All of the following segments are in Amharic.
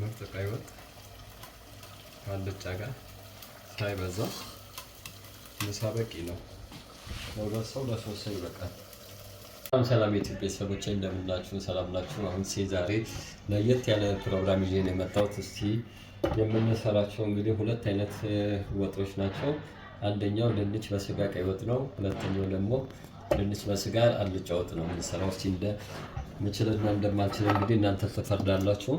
ምርጥ ቀይ ወጥ ከአልጫ ጋር ሳይበዛ ምሳ በቂ ነው። ለበሰው ሰው ለሶስት ይበቃል። ሰላም ሰላም የኢትዮጵያ ቤተሰቦች እንደምናችሁ፣ ሰላም ናችሁ? አሁን ሴ ዛሬ ለየት ያለ ፕሮግራም ይዤ ነው የመጣሁት። እስቲ የምንሰራቸው እንግዲህ ሁለት አይነት ወጦች ናቸው። አንደኛው ድንች በስጋ ቀይ ወጥ ነው። ሁለተኛው ደግሞ ድንች በስጋ አልጫ ወጥ ነው የምንሰራው። እስቲ እንደ ምችልና እንደማልችል እንግዲህ እናንተ ትፈርዳላችሁ።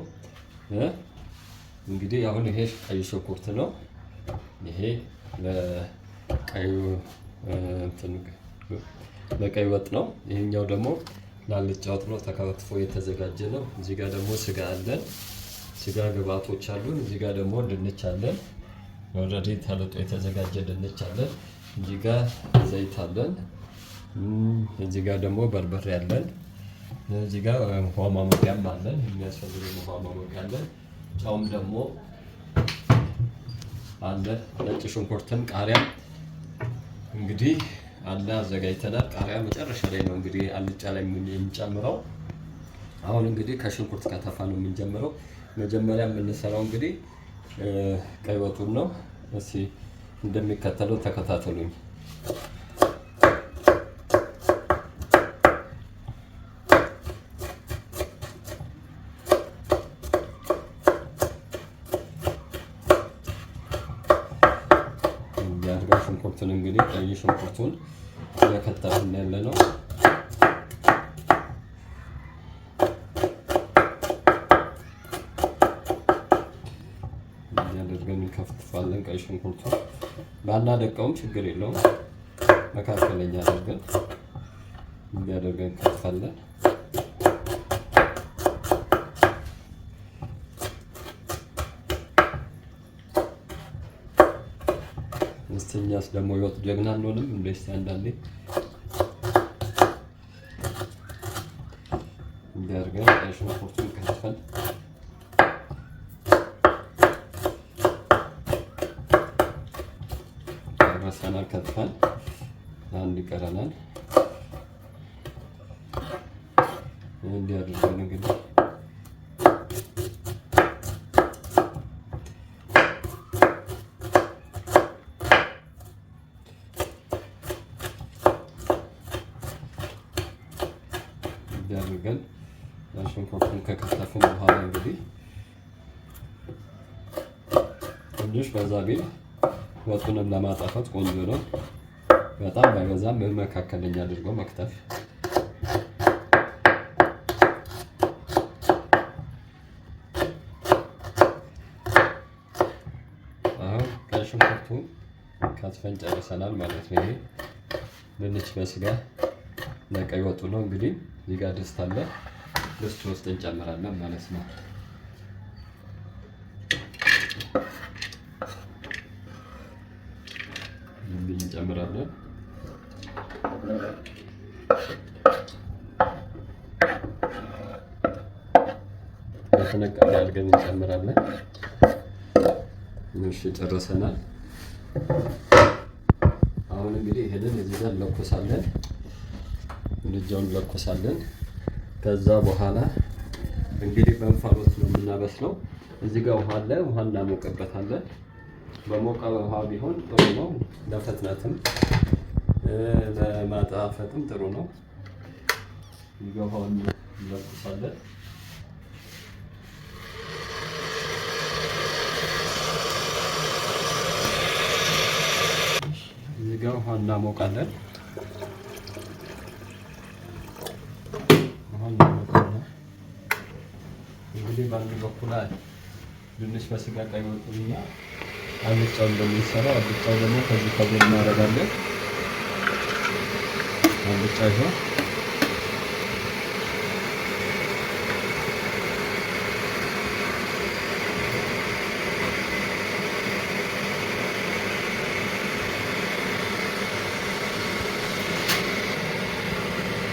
እንግዲህ አሁን ይሄ ቀይ ሽንኩርት ነው። ይሄ ለቀዩ ለቀይ ወጥ ነው። ይሄኛው ደግሞ ለአልጫ ወጥ ነው፣ ተከትፎ የተዘጋጀ ነው። እዚህ ጋር ደግሞ ስጋ አለን፣ ስጋ ግብአቶች አሉን። እዚህ ጋር ደግሞ ድንች አለን፣ ኦልሬዲ ተልጦ የተዘጋጀ ድንች አለን። እዚህ ጋር ዘይት አለን። እዚህ ጋር ደግሞ በርበሬ አለን። እዚህ ጋር ውሃ ማሞቂያም አለን የሚያስፈልግ ውሃ ማሞቂያ አለን። ጨውም ደግሞ አለ። ነጭ ሽንኩርትም ቃሪያ እንግዲህ አለ አዘጋጅተናል። ቃሪያ መጨረሻ ላይ ነው እንግዲህ አልጫ ላይ የምንጨምረው። አሁን እንግዲህ ከሽንኩርት ከተፋ ነው የምንጀምረው። መጀመሪያ የምንሰራው እንግዲህ ቀይ ወጡን ነው። እስኪ እንደሚከተለው ተከታተሉኝ። እንግዲህ ቀይ ሽንኩርቱን እየከተፍን ያለ ነው። እያደርገን እንከፍትፋለን። ቀይ ሽንኩርቱ ባናደቀውም ችግር የለውም። መካከለኛ አድርገን እንዲያደርገን እንከትፋለን። እኛስ ደግሞ ህይወት ጀግና አንሆንም እንደ እስቲ አንዳንዴ እንዲያርገን ሽንኩርቱን አንድ ይቀረናል። እንዲያደርገን እንግዲህ ትንሽ በዛ ቢል ወጡንም ለማጣፈጥ ቆንጆ ነው። በጣም ባይበዛም መካከለኛ አድርጎ መክተፍ ሽንኩርቱ ከትፈን ጨርሰናል ማለት ነው። ይሄ ድንች በስጋ ለቀይ ወጡ ነው እንግዲህ ሊጋ ድስት አለ። ድስት ውስጥ እንጨምራለን ማለት ነው። ተነቃሪ አድርገን እንጨምራለን። እሺ ጨርሰናል። አሁን እንግዲህ ይሄንን እዚህ ጋር እንለኮሳለን፣ ምድጃውን እንለኮሳለን። ከዛ በኋላ እንግዲህ በእንፋሎት ነው የምናበስለው። እዚህ ጋር ውሃ አለ፣ ውሃ እናሞቅበታለን። በሞቀ ውሃ ቢሆን ጥሩ ነው፣ ለፍጥነትም ለማጣፈጥም ጥሩ ነው። ይገባውን እንለኩሳለን። ስጋ ውሃ እናሞቃለን። ውሃ እንግዲህ በአንድ በኩል ድንች በስጋ ቀይ ወጥና አልጫው እንደሚሰራ አልጫው ደግሞ ከዚህ ከጎን እናደርጋለን። አልጫ ይሆን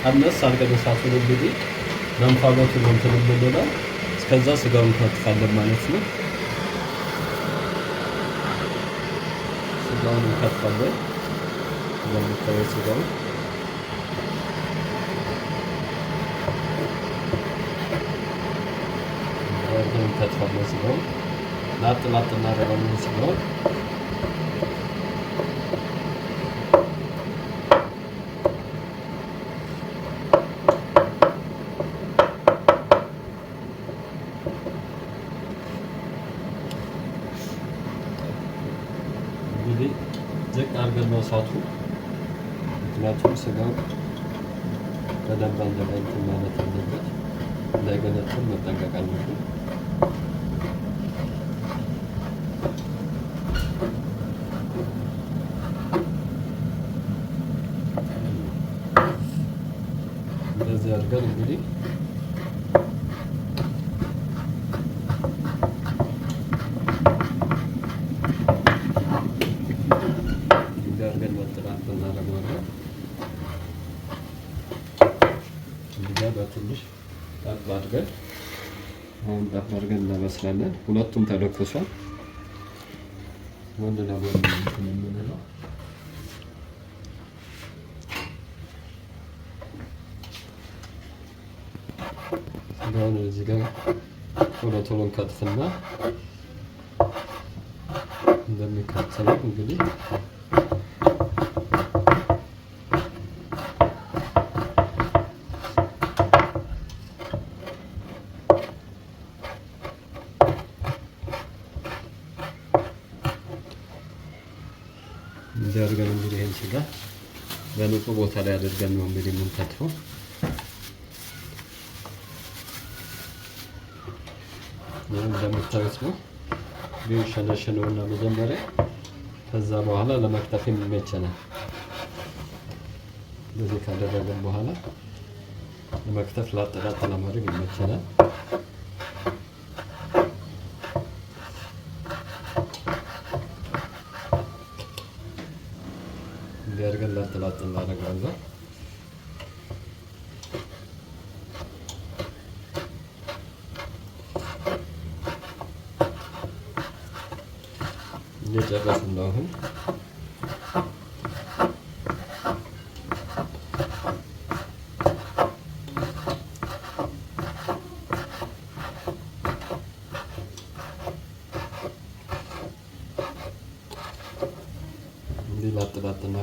ቀነስ አልቀነሳቱን እንግዲህ መንፋሎቱ ነው እንትን የምንለው እስከዛ ስጋውን እንከትፋለን ማለት ነው። ስጋውን እንከትፋለን ለምታየ ስጋውን እንከትፋለን ስጋውን ላጥ ላጥ እናደርጋለን ስጋውን matagal ano, ትመስላለን። ሁለቱም ተለኩሷል። ወንድ ለጎን የምንለው ስለሆነ እዚህ ጋር ቶሎ ቶሎ እንከትፍና እንደሚከተለው እንግዲህ እንደዚህ አድርገን እንግዲህ ይህን ስጋ በንጹህ ቦታ ላይ አድርገን ነው እንግዲህ የምንከትፈው። ይህም እንደምታዩት ነው ሸነሸነውና መጀመሪያ ከዛ በኋላ ለመክተፍ የሚመቸናል። እንደዚህ ካደረገን በኋላ ለመክተፍ ላጠላጥ ለማድረግ ይመቸናል።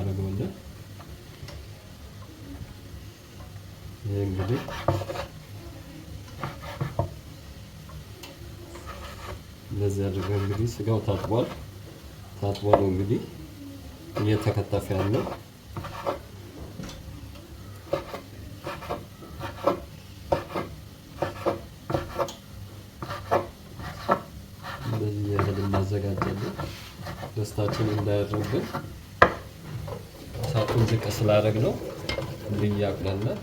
እናደርገዋለን። ይህ እንግዲህ እንደዚህ አድርገን እንግዲህ ስጋው ታጥቧል። ታጥቧል እንግዲህ እየተከተፈ ያለው እንደዚህ እያደረግን እናዘጋጃለን። ደስታችን እንዳያድርብን ስላደረግ ነው እንድያቁላላል።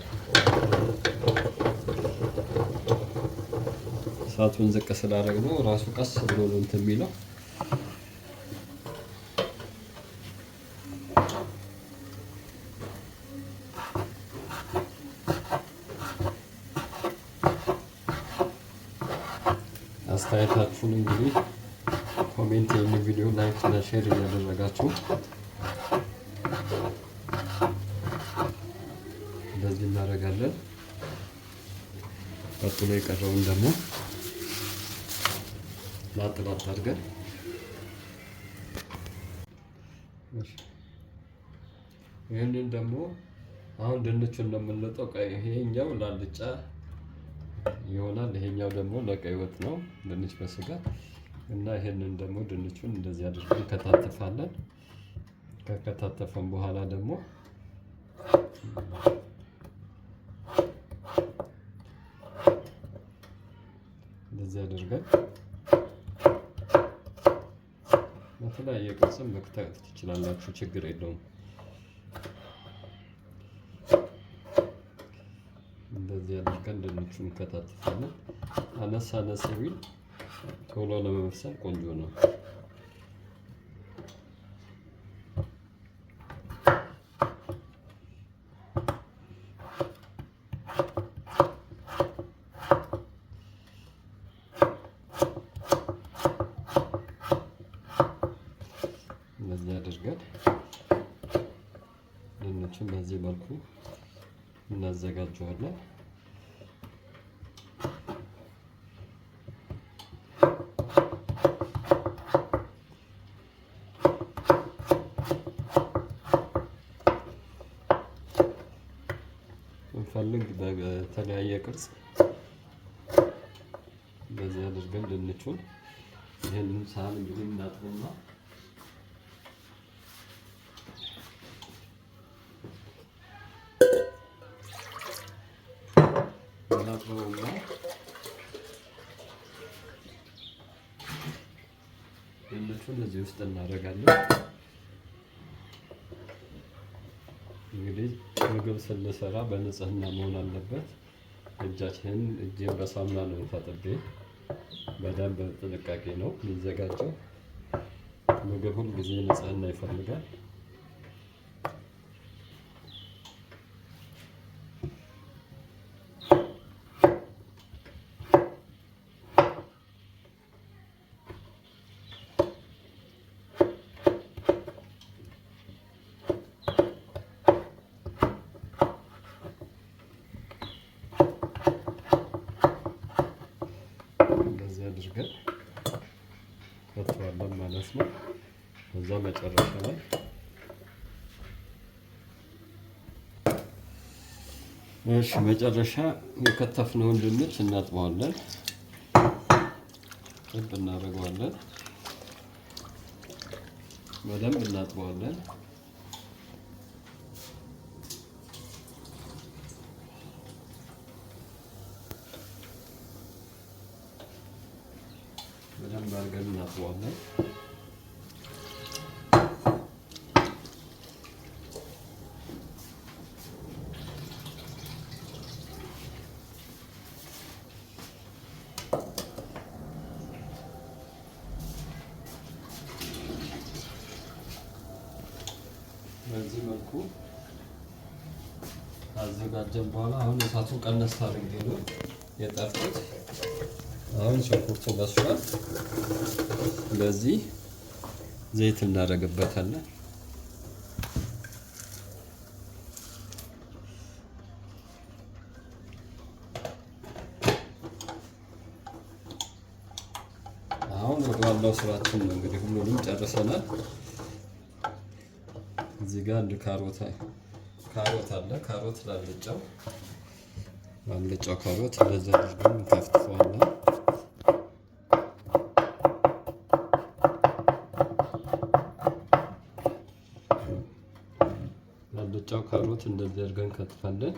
እሳቱን ዝቅ ስላደረግ ነው ራሱ ቀስ ብሎ ነው እንትን የሚለው። አስተያየታችሁን እንግዲህ ኮሜንት፣ ይህን ቪዲዮ ላይክ እና ሼር እያደረጋችሁ ላይ የቀረውን ደግሞ ላጥ ላጥ አድርገን ይህንን ደግሞ አሁን ድንቹን እንደምንለጠው ይሄኛው ላልጫ ይሆናል። ይሄኛው ደግሞ ለቀይ ወጥ ነው፣ ድንች በስጋ እና ይሄንን ደግሞ ድንቹን እንደዚህ አድርገን ከታተፋለን። ከከታተፈን በኋላ ደግሞ እንደዚህ አድርገን በተለያየ ቅርጽም መክተት ትችላላችሁ፣ ችግር የለውም። እንደዚህ አድርገን ድንቹን እንከታተፋለን። አነስ አነስ ቢል ቶሎ ለመብሰል ቆንጆ ነው። አድርገን ድንቹን በዚህ መልኩ እናዘጋጀዋለን። ፈልግ በተለያየ ቅርጽ በዚህ አድርገን ድንቹን ይህንን ሳህን እንግዲህ እናጥብና ውስጥ እናደርጋለን። እንግዲህ ምግብ ስንሰራ በንጽህና መሆን አለበት። እጃችንን እጄን በሳሙና ነው ታጥቤ በደንብ በጥንቃቄ ነው የሚዘጋጀው። ምግብ ሁልጊዜ ንጽህና ይፈልጋል። ማለት ነው። ከዛ መጨረሻ ላይ እሺ መጨረሻ የከተፍነውን ድንች እናጥበዋለን፣ ጥብ እናደርገዋለን፣ በደንብ እናጥበዋለን። በደንብ አድርገን እናጥበዋለን። ካደረግን በኋላ አሁን እሳቱ ቀነስ አድርጌ ነው የጠርኩት። አሁን ሽንኩርቱ በስሏል። ስለዚህ ዘይት እናደርግበታለን። አሁን ወደ ዋናው ስራችን እንግዲህ ሁሉንም ጨርሰናል። እዚህ ጋር አንድ ካሮታ ካሮት አለ። ካሮት ላልጫው ላልጫው ካሮት እንደዛ አድርገን እንከትፈዋለን። ላልጫው ካሮት እንደዚህ አድርገን እንከትፋለን።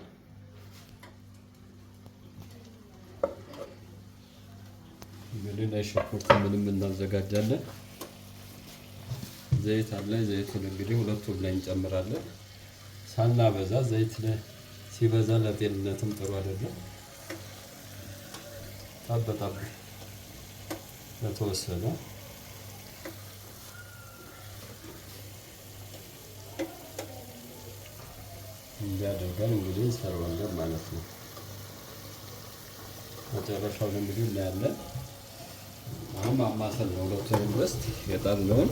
እንግዲህ ላይ ሽንኩርት ምንም እናዘጋጃለን። ዘይት አለ። ዘይቱን እንግዲህ ሁለቱም ላይ እንጨምራለን። ሳናበዛ ዘይት ሲበዛ ለጤንነትም ጥሩ አይደለም። ታበጣብ ለተወሰነ እንዲያደርገን እንግዲህ እንሰራዋለን ማለት ነው። መጨረሻውን እንግዲህ እናያለን። አሁን ማማሰል ነው። ሁለቱንም ውስጥ የጣለውን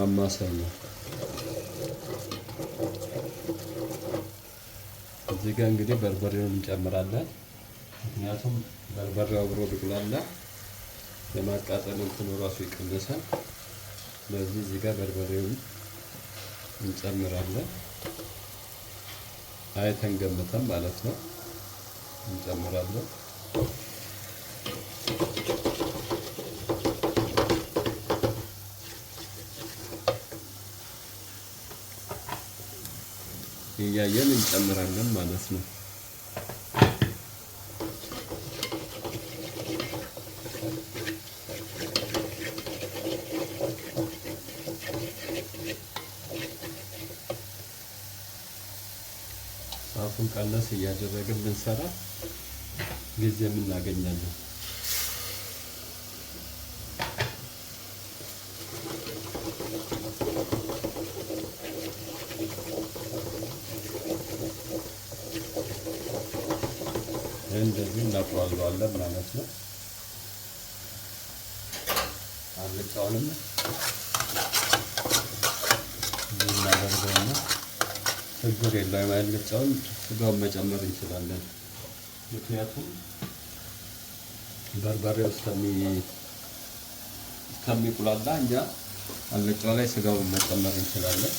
ማማሰል ነው። እዚህ ጋር እንግዲህ በርበሬውን እንጨምራለን። ምክንያቱም በርበሬው አብሮ ብቅላላ የማቃጠል እንትኑ ራሱ ይቀንሳል። ስለዚህ እዚህ ጋር በርበሬውን እንጨምራለን። አይተን ገምተን ማለት ነው እንጨምራለን። እያየን እንጨምራለን ማለት ነው። ሳፉን ቀነስ እያደረግን ብንሰራ ጊዜ የምናገኛለን። አልጫውንም እናደርገውና ችግር የለውም። አልጫውን ስጋውን መጨመር እንችላለን። ምክንያቱም በርበሬው እስከሚቁላላ እኛ አልጫው ላይ ስጋውን መጨመር እንችላለን።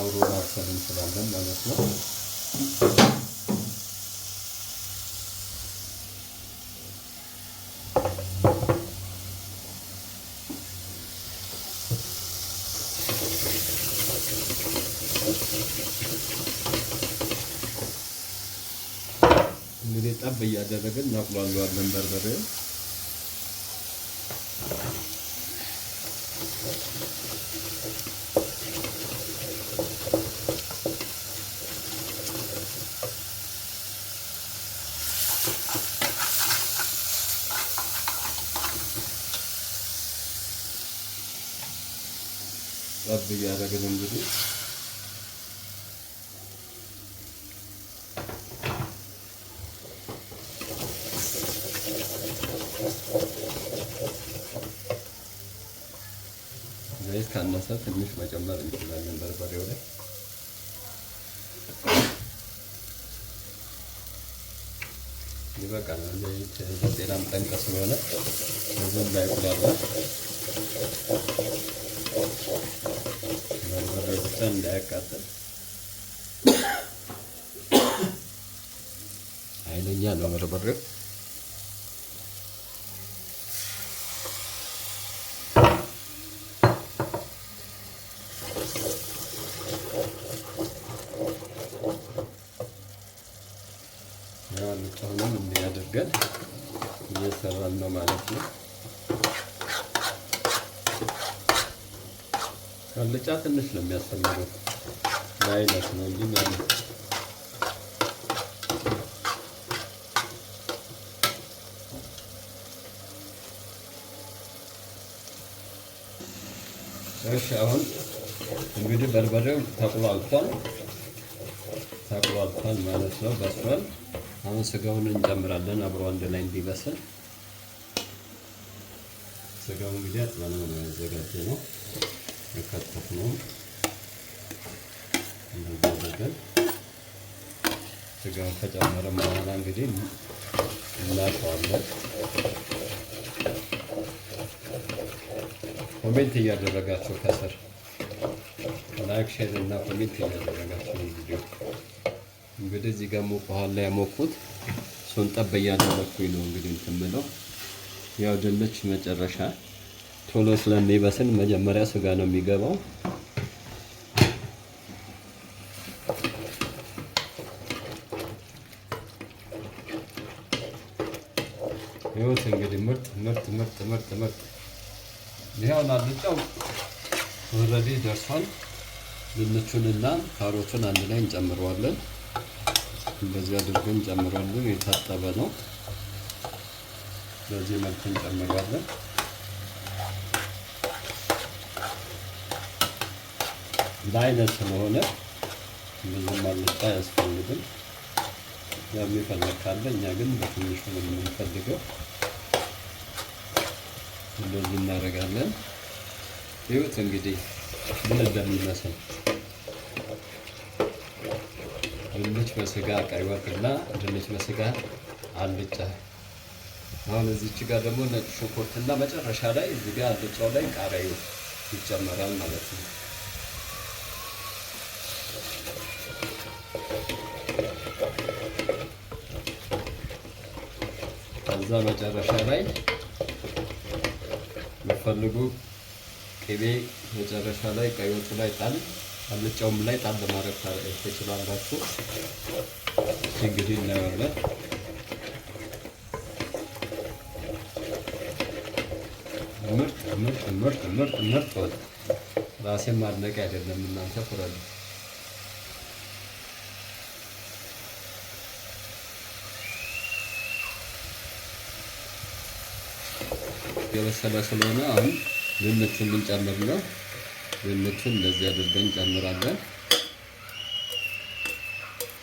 አብሮ ማብሰል እንችላለን ማለት ነው። efendim naklan yuvarlan berberi. Rabbi ya Rabbi ስለሚያንሳ ትንሽ መጨመር እንችላለን በርበሬው ላይ ይበቃል። ለጤናም ጠንቅ ስለሆነ ብዙም ላይቁላላ በርበሬው ብቻ እንዳያቃጥል። ኃይለኛ ነው በርበሬው። ቅርጫ ትንሽ ነው የሚያስፈልገው ለአይነት ነው እንጂ ማለት እሺ አሁን እንግዲህ በርበሬው ተቁላልቷል ተቁላልቷል ማለት ነው በስሏል አሁን ስጋውን እንጨምራለን አብሮ አንድ ላይ እንዲበስል ስጋው እንግዲህ አጥበን ነው ያዘጋጀ የከተፍ ነው እንደዚህ ከጨመረን በኋላ እንግዲህ እናሸዋለን። ኮሜንት እያደረጋቸው ከስር ላይክ፣ ሼር እና ኮሜንት እያደረጋቸው ቪዲዮ እንግዲህ እዚህ ጋር ሞቅ በኋላ ያሞቁት ሱን ጠብ እያደረግኩኝ ነው እንግዲህ እንትን የምለው ያው ድንች መጨረሻ ቶሎ ስለሚበስል መጀመሪያ ስጋ ነው የሚገባው። ይሁት እንግዲህ ምርጥ ምርጥ ምርጥ ምርጥ ምርጥ ይሄውን አልጫው ወረዲ ደርሷል። ድንቹንና ካሮቱን አንድ ላይ እንጨምረዋለን። እንደዚህ አድርገን እንጨምረዋለን። የታጠበ ነው። በዚህ መልክ እንጨምረዋለን። በአይነት ስለሆነ ብዙም አልጫ አያስፈልግም። የሚፈልግ ካለ እኛ ግን በትንሹ ነው የምንፈልገው። እንደዚህ እናደርጋለን። ይሁት እንግዲህ ምን እንደሚመስል ድንች በስጋ ቀይ ወጥና ድንች በስጋ አልጫ። አሁን እዚች ጋር ደግሞ ነጭ ሽንኩርትና መጨረሻ ላይ እዚህ ጋር አልጫው ላይ ቃሪያ ይጨመራል ማለት ነው። ከዛ መጨረሻ ላይ የምትፈልጉ ቅቤ መጨረሻ ላይ ቀዮቹ ላይ ጣል አልጫውም ላይ ጣል ለማድረግ ትችላላችሁ። እንግዲህ እናየዋለን። ምርጥ ምርጥ ምርጥ ምርጥ ምርጥ ወጥ ራሴን ማድነቅ አይደለም እናንተ ፍረዱ። የበሰለ ስለሆነ አሁን ድንቹን ልንጨምር ነው። ድንቹን እንደዚህ አድርገን እንጨምራለን።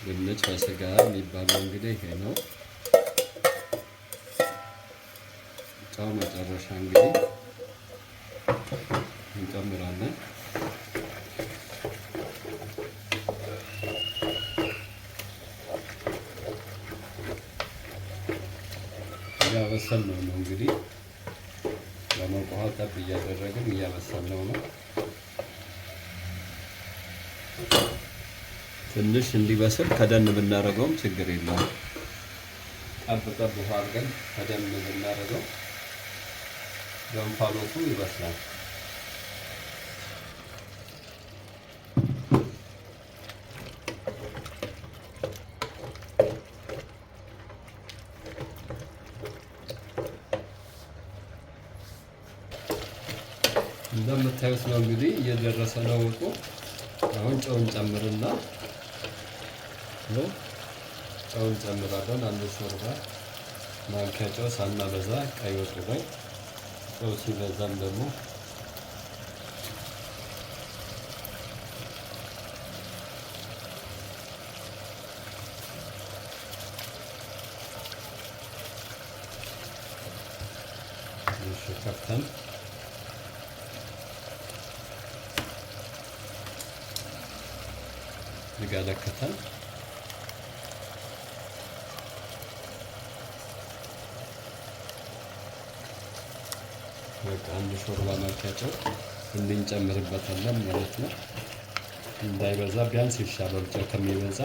ድንች በስጋ የሚባለው እንግዲህ ይሄ ነው። ጨው መጨረሻ እንግዲህ እንጨምራለን። ያበሰል ነው ነው እንግዲህ ጠብ እያደረግን እያበሰልነው ነው። ትንሽ እንዲበስል ከደን ብናደርገውም ችግር የለውም። ጠብ ጠብ አድርገን ከደን ብናደርገው ገንፋሎቱ ይበስላል። እንደምታዩት ነው እንግዲህ እየደረሰ ነው ወጡ። አሁን ጨውን ጨምርና ጨውን ጨምራለን። አንድ ሾርባ ማንኪያ ጨው ሳናበዛ ቀይ ወጡ ላይ ጨው ሲበዛም ደግሞ እንጨምርበታለን ማለት ነው። እንዳይበዛ ቢያንስ ይሻላል። ብቻ ከሚበዛ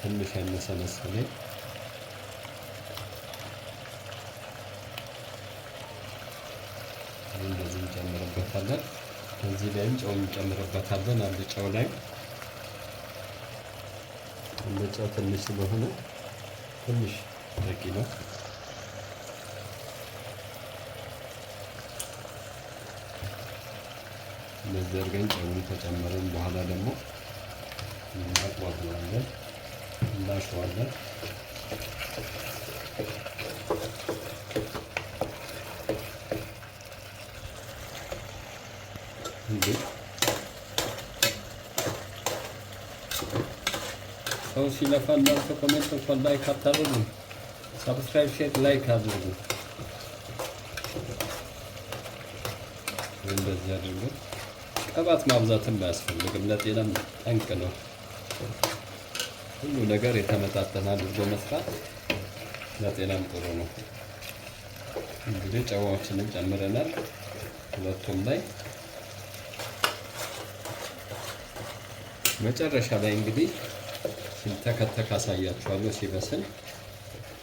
ትንሽ ያነሰ መሰለኝ። እንደዚህ እንጨምርበታለን። እዚህ ላይም ጨው እንጨምርበታለን። አንድ ጨው ላይ አንድ ጨው ትንሽ ስለሆነ ትንሽ በቂ ነው። አድርገን ጨው ተጨመረን በኋላ ደግሞ እናቅባለን፣ እናሸዋለን። ሰው ሲለፋ እናንተ ኮሜንት እንኳን ላይክ አታደርጉ። ሰብስክራይብ፣ ሼር፣ ላይክ አድርጉ። እንደዚህ አድርጉ። ቅባት ማብዛትም አያስፈልግም። ለጤናም ጠንቅ ነው። ሁሉ ነገር የተመጣጠነ አድርጎ መስራት ለጤናም ጥሩ ነው። እንግዲህ ጨዋዎችንም ጨምረናል ሁለቱም ላይ መጨረሻ ላይ እንግዲህ ሲንተከተክ አሳያችኋለሁ ሲበስል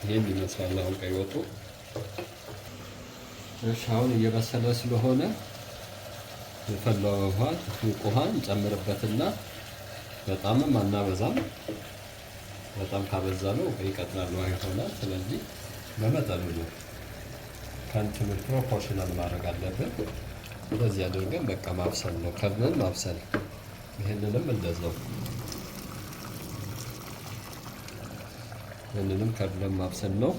ይህን ይመስላል። አሁን ቀይ ወጡ። እሺ አሁን እየበሰለ ስለሆነ የፈላ ውሃ ትኩቅ ውሃ እንጨምርበትና በጣምም አናበዛም። በጣም ካበዛ ነው ይቀጥላል ውሃ ይሆናል። ስለዚህ በመጠኑ ነው ከእንትኑ ፕሮፖርሽናል ማድረግ አለብን። እንደዚህ አድርገን በቃ ማብሰል ነው ከምን ማብሰል ይህንንም እንደዛው ይህንንም ከብለን ማብሰል ነው።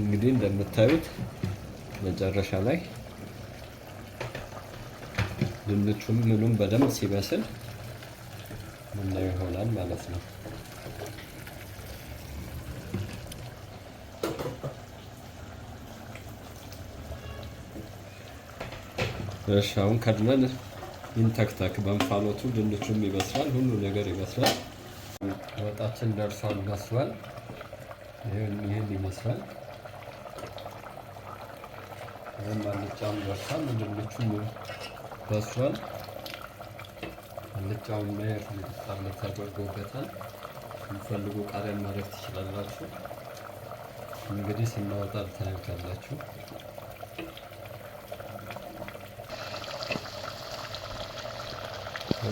እንግዲህ እንደምታዩት መጨረሻ ላይ ድንቹም ምኑም በደንብ ሲበስል ምናየው ይሆናል ማለት ነው። እሺ አሁን ከድነን ይንተክተክ በእንፋሎቱ ድንቹም ይበስላል፣ ሁሉ ነገር ይበስላል። ወጣችን ደርሷል፣ በስሏል። ይህን ይመስላል። ይህም አልጫም ደርሷል ድንቹም በሷል። አልጫውና የፍልጣ ተደርጎበታል። የምትፈልጉ ቃሪያን ማድረግ ትችላላችሁ። እንግዲህ ስናወጣ ልታዩታላችሁ።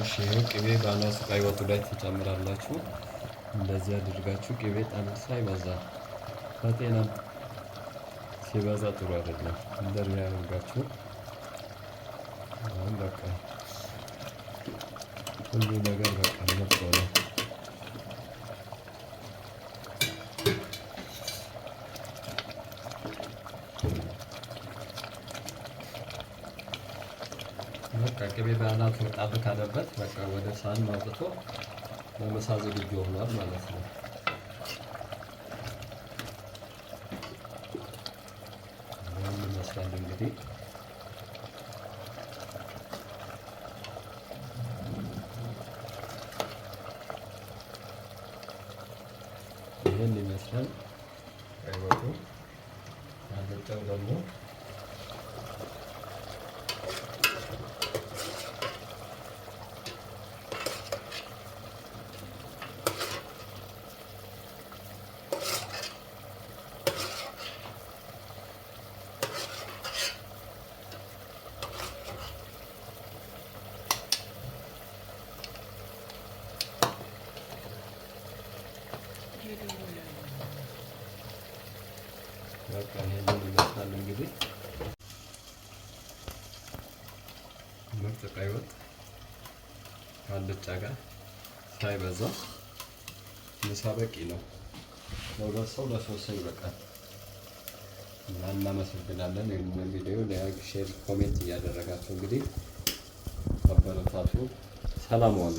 እሺ ይሄው ቅቤ በአናቱ ስቃይ ወጡ ላይ ትጨምራላችሁ። እንደዚህ አድርጋችሁ ቅቤ ጣናሳ ይበዛል። በጤና ሲበዛ ጥሩ አይደለም። እንደዚህ ያደርጋችሁ ሁሉ ነገር በቃ ምርጥ በቃ ቅቤ በአናት ወጣብ ካለበት በቃ ወደ ሳህን ማውጥቶ ለምሳ ዝግጁ ሆኗል ማለት ነው። ይመስላል እንግዲህ 응? 이것도 반대쪽 너무 이 올려요. በቃ ይሄንን ይመስላል እንግዲህ ምርጥ ቀይ ወጥ ከአልጫ ጋር ሳይበዛ ምሳ በቂ ነው። ለሁለት ሰው ለሶስት ሰው ይበቃል። እና እናመሰግናለን። ይህንን ቪዲዮ ላይክ፣ ሼር፣ ኮሜንት እያደረጋችሁ እንግዲህ አበረታቱ። ሰላም ዋሉ።